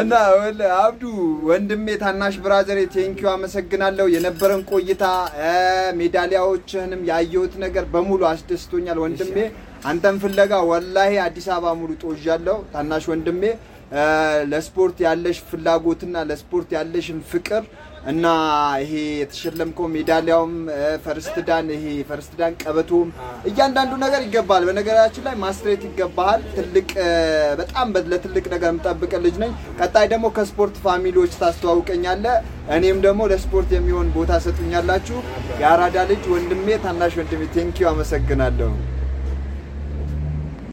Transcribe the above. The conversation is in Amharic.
እና አብዱ ወንድሜ ታናሽ ብራዘሬ ቴንኪዩ አመሰግናለሁ። የነበረን ቆይታ ሜዳሊያዎችህንም ያየሁት ነገር በሙሉ አስደስቶኛል ወንድሜ። አንተን ፍለጋ ወላሂ አዲስ አበባ ሙሉ ጦዣለሁ። ታናሽ ወንድሜ ለስፖርት ያለሽ ፍላጎትና ለስፖርት ያለሽን ፍቅር እና ይሄ የተሸለምከው ሜዳሊያውም ፈርስትዳን ይሄ ፈርስትዳን ቀበቶም እያንዳንዱ ነገር ይገባል። በነገራችን ላይ ማስትሬት ይገባሃል። ትልቅ በጣም ለትልቅ ነገር የምጠብቅ ልጅ ነኝ። ቀጣይ ደግሞ ከስፖርት ፋሚሊዎች ታስተዋውቀኛለ። እኔም ደግሞ ለስፖርት የሚሆን ቦታ ሰጡኛላችሁ። የአራዳ ልጅ ወንድሜ ታናሽ ወንድሜ ቴንኪዩ፣ አመሰግናለሁ።